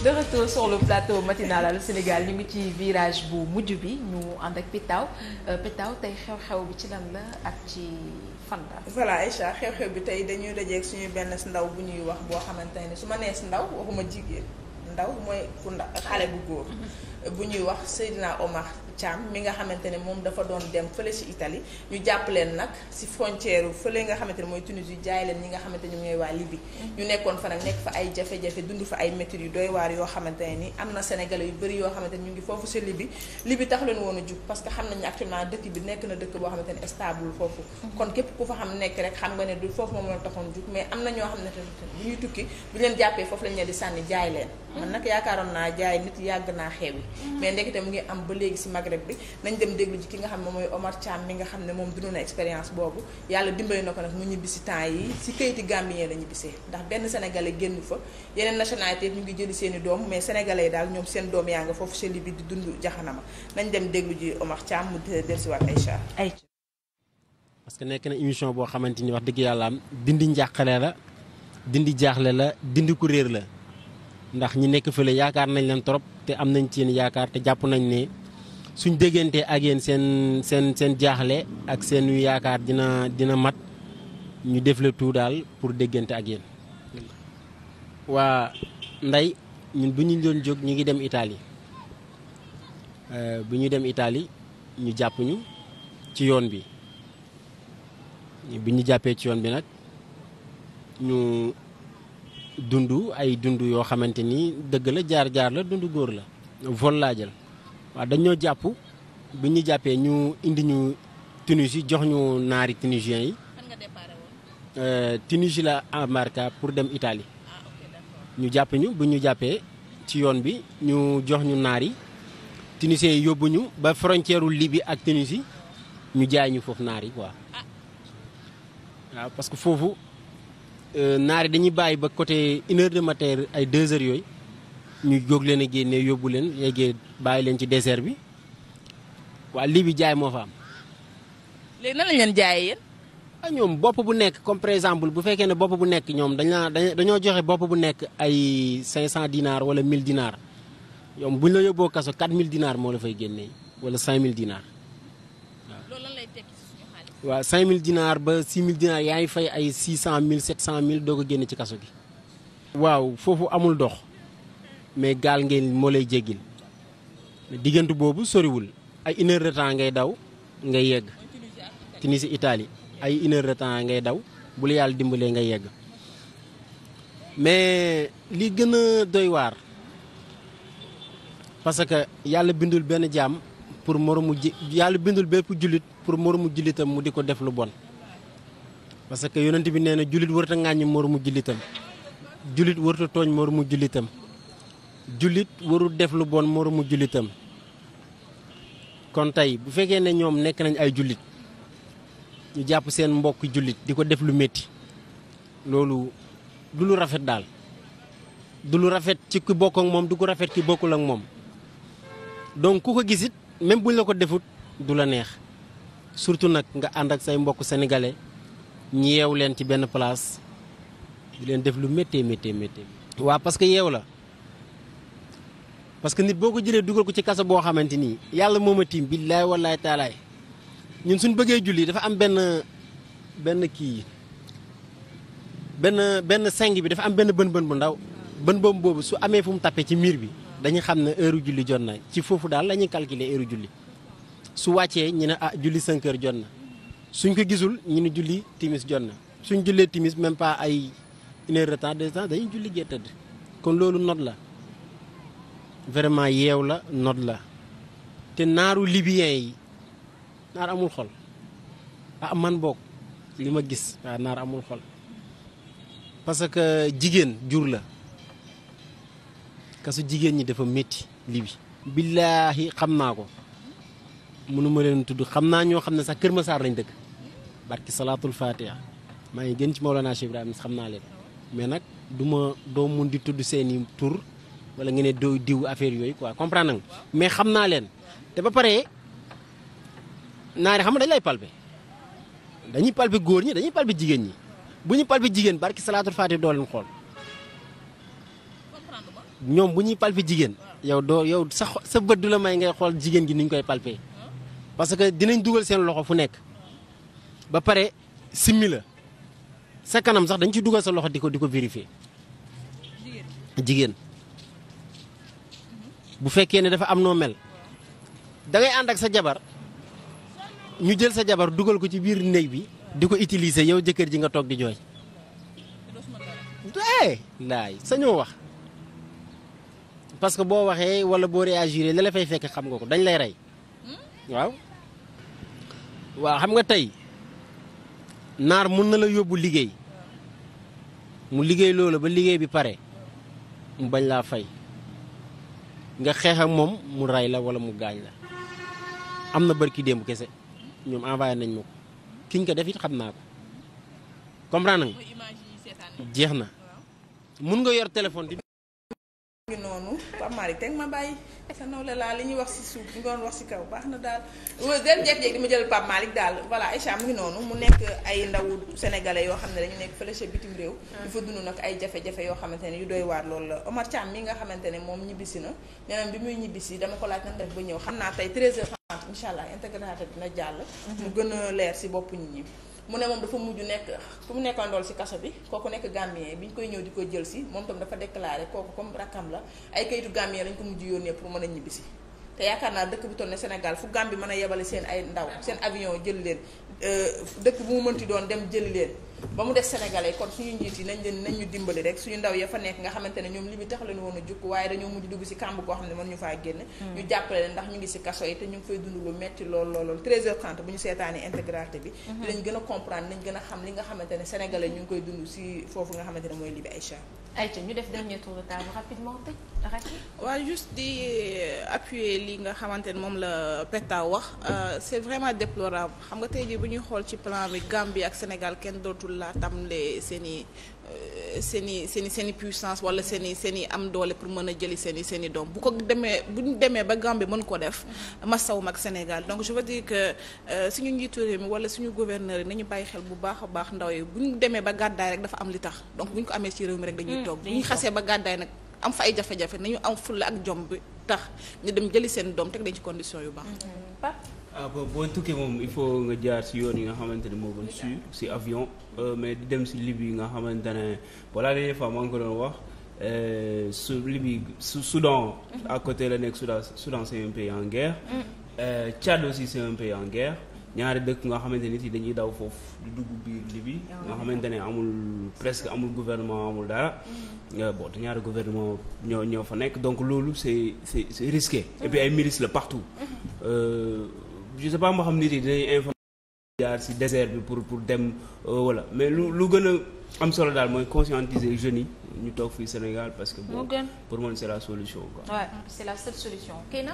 de retour sur le plateau matinal Sénégal ñu ngi ci virage bu mujj bi ñu ànd ak Pitaw euh, Pitaw tey xew-xew bi ci lan la ak ci fan la. voilà Aïcha xew-xew bi tey dañuy dajeeg suñu benn ndaw bu ñuy wax boo xamante ne su ma nees ndaw waxuma jigéen ndaw mooy ku xale bu góor mm-hmm. bu ñuy wax Seydina Omar Thiam mi nga xamante ne moom dafa doon dem fële ci Italie ñu jàpp leen nag ci frontière fële nga xamante ne mooy Tunisie jaay leen ñi nga xamante ne ñooy waa Libye mm-hmm. ñu nekkoon fa nag nekk fa ay jafe-jafe dund fa yu yoo xamante ne ni am na sénégalais yu bëri yoo xamante na dëkk boo xamante ne stable foofu mm-hmm. kon képp ku fa xam xam na ne bu ñuy tukki bu leen jàppee foofu lañ leen di sànni jaay leen mm-hmm. man nag yaakaaroon naa jaay nit yàgg naa xeewi mais ndekete mu ngi am ba léegi ci Maghreb bi nañ dem déglu ci ki nga xam ne mooy Omar Thiam mi nga xam ne moom dund na expérience boobu yàlla dimbali na ko nag mu ñibbisi temps yi si kayiti Gambien la ñibbisee ndax benn sénégalais génn fa yeneen nationalité ñu ngi jëli seen doom mais sénégalais yi daal seen doom yaa nga foofu seli di dund jaxanama nañ dem déglu ji Omar Thiam mu dellusiwaat Aïcha parce que nekk na émission boo xamante ni wax dëgg yàlla am dindi njàqale la dindi jaaxle la dindi ku réer la ndax ñi nekk fële yaakaar nañ leen trop te am nañ ci yéen yaakaar te jàpp nañ ne suñ déggantee ak yéen seen seen seen jaaxle ak seen yaakaar dina dina mat ñu def le tout daal pour déggante ak yéen. waa ndey ñun bu ñu doon jóg ñu ngi dem Italie euh, bu ñu dem Italie ñu jàppuñu ci yoon bi bi ñu jàppee ci yoon bi nag ñu dund ay dund yoo xamante ni dëgg la jaar-jaar la dund góor la vol laa jël. waa dañ jàpp bi ñu jàppee ñu indi ñu Tunisie jox ñu naari tunisien yi. fan nga départ woon. Euh, Tunisie la embarqué pour dem Italie. Ah, ñu jàpp ñu bu ñu jàppee ci yoon bi ñu jox ñu naari yi tunisien yi yóbbu ñu ba frontière Libye ak Tunisie ñu jaay ñu foofu naar yi quoi. Ah. waaw parce que foofu euh, naar yi dañuy bàyyi ba côté une de matin ay deux heures yooyu. ñu jóg leen a génne yóbbu leen léegi bàyyi leen ci désert bi waaw lii bi jaay moo fa am. léegi na lañ leen jaayee yéen. ah ñoom bopp bu nekk comme par exemple bu fekkee ne bopp bu nekk ñoom dañ la dañoo joxe bopp bu nekk ay cinq 500 dinars wala 1000 dinars ñoom buñ la yóbboo kaso mille dinars moo la fay génnee wala 5000 dinars waaw. loolu lan lay tekki ci suñu xaalis. waaw 5000 dinars ba 6000 dinars yaa ngi fay ay 600000 700000 doo ko génne ci kaso gi. waaw foofu amul dox. mais gaal ngeen moo lay jéggil diggante boobu soriwul ay une heure de ngay daw ngay yegg Tunisie Italie ay une heure de ngay daw bu la yàlla dimbalee ngay yegg mais li gën a doy waar parce que yàlla bindul benn jaam pour moromu ji yàlla bindul bépp jullit pour moromu jullitam mu di ko def lu bon parce que yonent bi nee na jullit warut a ŋàññi moromu jullitam jullit warut a tooñ moromu jullitam jullit warul def lu bon moromu jullitam kon tey bu fekkee ne ñoom nekk nañ ay jullit ñu jàpp seen mbokk jullit di ko def lu métti loolu du lu rafet daal du lu rafet ci ki bokk moom du ko rafet ki bokkul ak moom donc ku ko gisit même buñ la ko defut du la neex surtout nag nga ànd ak say mbokk sénégalais ñi yeew leen ci benn place di leen def lu méttee méttee méttee. waaw parce que yeew la. parce que nit boo ko jëlee dugal ko ci kaso boo xamante ni yàlla moom a tiim billaay wallaay taalaay ñun suñ bëggee julli dafa am benn benn kii benn benn seng bi dafa am benn bën bën bu ndaw bën bën boobu su amee fu mu tappe ci miir bi dañu xam ne heure julli jot na ci foofu daal la ñuy calculer heure julli su wàccee ñu ne ah julli 5 heures jot na suñ ko gisul ñu ne julli timis jot na suñ jullee timis même pas ay une heure de temps deux temps dañuy julli gee tëdd kon loolu noot la vraiment yeew la not la te naaru libyen yi naar amul xol ah man boog li ma gis waaw naar amul xol parce que jigéen jur la kasu jigéen ñi dafa métti libi billaahi xam naa ko mënuma leen tudd xam naa ñoo xam ne sax Kër Masaar lañ dëkk barki salaatul fatiha maa ngi gën ci Mawlana Cheikh Ibrahima xam naa leen mais nag du ma doo mun di tudd seeni tur wala ngeen ne doo diw affaire yooyu quoi comprendre nga mais xam naa leen te ba pare naari xam nga dañ lay palpe dañuy palpe góor ñi dañuy palpe jigéen ñi bu ñu palpe jigéen barki salaatul faati doo leen xool ñoom bu ñuy palpe jigéen yow doo yow sa sa bët du la may ngay xool jigéen gi ni ñu koy palpe parce que dinañ dugal seen loxo fu nekk ba pare simmi la sa kanam sax dañ ci dugal sa loxo di ko di ko vérifier jigéen bu fekkee ne dafa am noo mel da ngay ànd ak sa jabar ñu jël sa jabar dugal ko ci biir néeg bi di ko utiliser yow jëkkër ji nga toog di jooy. eh laay sañoo wax parce que boo waxee wala boo réagiré la la fay fekk xam nga ko dañ lay rey waaw. waa xam nga tey naar mun na la yóbbu liggéey mu liggéey loolu ba liggéey bi pare mu bañ laa fay. nga xeex ak moom mu ray la wala mu gaañ la am na bërki démb kese ñoom envoyé nañ ma ko kiñ ko def it xam naa ko comprendre nga jeex na mun nga yor téléphone di Pape Malick teg ma bàyyi sa nawle laa li ñuy wax si suuf ñu doon wax si kaw baax na daal dem jékki-jékki dama jël Pape Malick ngi noonu mu nekk ay ndaw sénégalais yoo xam ne dañu nekk fële ca bitim réew ah. di fa dund nag ay jafe-jafe yoo xamante ne yu doy waar loolu la Omar Thiam mi nga xamante ne moom ñibbisi na neneen bi muy ñibbisi dama ko laaj nan def ba ñëw xam naa tey 13h30 incha allah intégralité dina jàll mm-hmm. mu gën a leer si boppu nit ñi mu ne moom dafa mujj nekk ku mu nekkandool si kaso bi kooku nekk Gambien bi ñu koy ñëw di ko jël si moom tam dafa déclaré kooku comme rakkam la ay kayitu Gambien lañ ko mujj yónnee pour mën a ñibbisi te yaakaar naa dëkk bu toll ne Sénégal fu Gambie mën a yebale seen ay ndaw seen avion jël leen euh, dëkk bu mu mënti doon dem jël leen ba mu def sénégalais kon suñu njiit yi nañ leen nañ ñu dimbali rek suñu ndaw ya fa nekk nga xamante ne ñoom li tax leen woon a jukk waaye dañoo mujj dugg si kàmb koo xam ne mën ñu faa génn hmm. ñu jàppale hmm. li nga xamante ne sénégalais ñu ngi moom la PETA wax euh, c'est vraiment déplorable xam nga tey jii bu ñuy xool ci plan bi Gambie ak Sénégal kenn dootul laa tam seen i euh, seeni i seen i seen i puissance wala seen i seen am doole pour mën a jëli seen i seen i doom bu ko demee bu ñu demee ba Gambie mën koo def ma masawum ak Sénégal donc je veux dire que euh, suñu njiitu réew mi wala suñu gouverneur yi nañu bàyyi xel bu baax a baax ndaw yi bu ñu demee ba gàddaay rek dafa am li tax donc bu ko amee ci réew mi rek dañuy hmm, toog bu ñu xasee ba gàddaay nag am fa ay jafe-jafe nañu am fulla ak jom bi tax ñu dem jëli seen doom teg ci condition yu baax hmm, ah boo tukkee moom il faut nga jaar si yoon yi nga xamante ne moo gën sûr si avion euh, mais di dem si Libye yi nga xamante ne voilà dernière fois maa ko doon wax euh, su Libye su Soudan à côté la nekk Soudan Soudan c'est un pays en guerre mm. euh, Tchad aussi c'est ñaari dëkk nga xamante nit yi dañuy daw foofu di dugg biir Libye ah, nga xamante ne amul presque amul gouvernement amul dara mm. ñaari gouvernement ñoo ñoo fa nekk donc loolu c'est c'est c'est risqué et mm. ay milices la partout je sais moo xam nit yi dinañ informer jaar ci désert bi pour pour dem wala euh, mais lu lu gën a am solo daal mooy conscientiser jeunes yi ñu toog fii Sénégal parce que bon pour man c'est la solution quoi ouais, c'est la seule solution Keina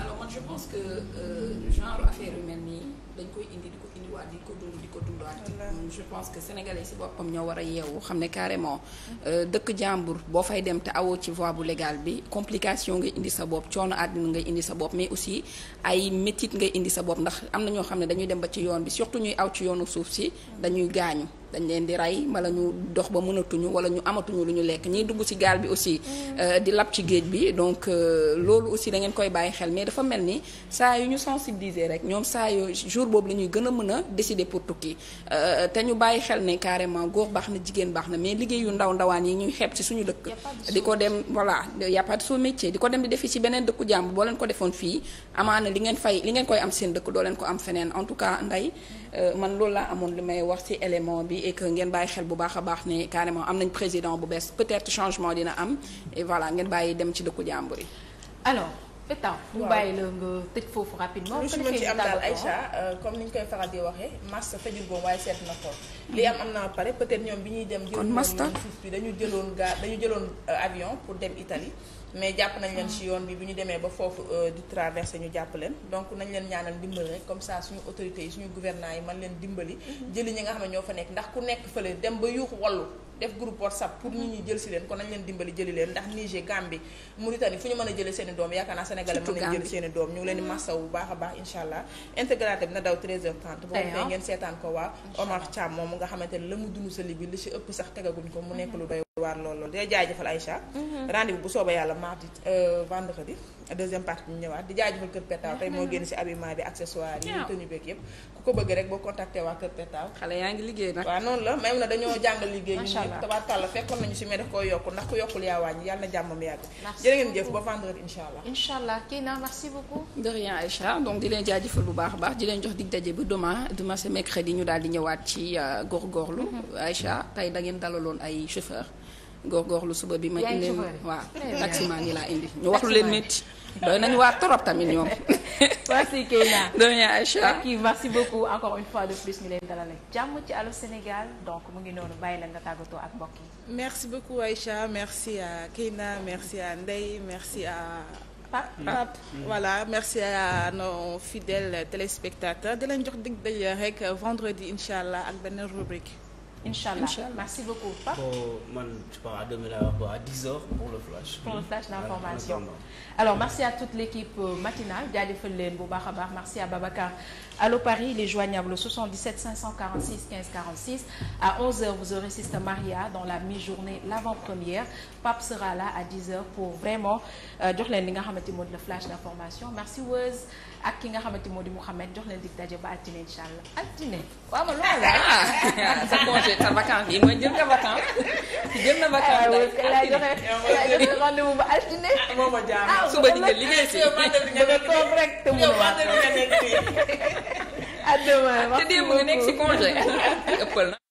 alors man je pense que euh, genre affaire humaine nii dañ koy indi di ko indiwaat di ko dund di ko dundaat je pense que sénégalais si boppam ñoo war a yeewu xam ne carrément euh, dëkk jàmbur boo fay dem te awoo ci voie bu légale bi complication nga indi sa bopp coono àddina nga indi sa bopp mais aussi ay métit nga indi sa bopp ndax am na ñoo xam ne dañuy dem ba ci yoon bi surtout ñuy aw ci yoonu suuf si dañuy gaañu dañ leen di rey wala ñu dox ba mënatuñu wala ñu amatuñu lu ñu lekk ñiy dugg ci gaal bi aussi mm. euh, di lab ci géej bi donc euh, loolu aussi da ngeen koy bàyyi xel mais dafa mel ni saa yu ñu sensibiliser rek ñoom saa yoo jour boobu la ñuy gën a mën a pour tukki euh, te ñu bàyyi xel ne carrément góor baax na jigéen baax na mais liggéey yu ndaw ndawaan yi ñuy xeeb ci suñu dëkk di ko dem voilà y a pas de di ko dem di defi ci beneen dëkku jàmb boo leen ko defoon fii amaana li ngeen fay li ngeen koy am seen dëkk doo leen ko am feneen en tout cas nday euh, man loolu laa amoon li may wax ci élément bi et ngeen bàyyi xel bu baax a baax ne carrément am nañ président bu bees peut-être changement dina am voilà ngeen bàyyi dem ci dëkku jàmbur yi état mu bàyyi la nga tëj foofu rapidement. lu si mën ci am daal Aïcha euh, comme ni ñu koy faral di waxee masta fajul boobu waaye seet na ko. li am am naa pare peut-être ñoom bi ñuy dem. kon masta bi dañu jëloon gaal dañu jëloon euh, avion pour dem itali mais jàpp nañ leen ci yoon bi bu ñu demee ba foofu euh, di traversé ñu jàpp leen donc nañ leen ñaanal dimbali rek comme ça suñu autorités yi suñu gouvernants yi man leen dimbali mhm. jëli ñi nga xam ndax ku nekk fële dem ba yuuxu wallu leen kon leen dimbali jëli leen ndax ñu jël seen i doom ñu ngi leen di mhm. massaw baax a baax incha allah intégralité bi na daw 13h30 fee ngeen seetaan ko waa Omar Thiam moom nga xamante ne la mu dund sa li bi ci ëpp sax tegaguñ ko mu nekk lu doy waar lool lool di la jaajëfal Aïcha. Mm-hmm. rendez-vous bu soobee yàlla mardi euh, vendredi. deuxième part ñu ñëwaat di jaajëfal Kër Petaaw tey moo génn ci habillement bi accessoire yi tenue beeg yëpp ku ko bëgg rek boo contacté waa Kër Petaaw xale yaa ngi liggéey nag waaw noonu la même na dañoo jàngal liggéey ñu ñëpp tabaarkàlla fekkoon nañu ci mais daf koy yokku ndax ku yokkul yaa wàññi na jàmmam yàgg donc di leen jaajëfal bu baax a baax di leen jox dig bi ba demain demain c'est mercredi ñu daal di ñëwaat ci euh, góorgóorlu mm-hmm. Aïcha tey da ngeen dalaloon ay chauffeur lu suba bi ma indi waaw taxi maa ngi laa indi ñu wax lu leen métti doy nañu waa trop tamit ñoom. merci Keïna. doña Aïcha de plus ñu leen dalal ak jàmm ci Allô Sénégal donc mu ngi noonu bàyyi la nga tàggatoo ak mbokk yi. merci beaucoup Aïcha merci à Keïna merci à Ndeye merci à. Pape voilà merci à nos fidèles téléspectateurs di leen jox dig daje rek vendredi incha allah ak benn rubrique. incha allah merci beaucoup Pape. man je pense à demain à 10h pour le flash. pour le flash d'information. alors merci à toute l'équipe euh, matinale jaajëfal leen bu baax a baax merci à Babacar. Allô Paris il est joignable au 77 546 15 46 à 11h vous aurez Sister Maria dans la mi-journée l'avant-première Pape sera là à 10h pour vraiment euh, jox leen li nga xamante moo di le flash formation merci Weuz ak ki nga xamante moo di Mouhamed jox leen dig daje ba altine incha allah altine waaw man loolu jëlee sa vacance bi ma jël sa vacance. jël na vacance ah, day altine laa joxe rendez-vous ba altine. Ah, ma ah, si. dama toog nga nekk si congé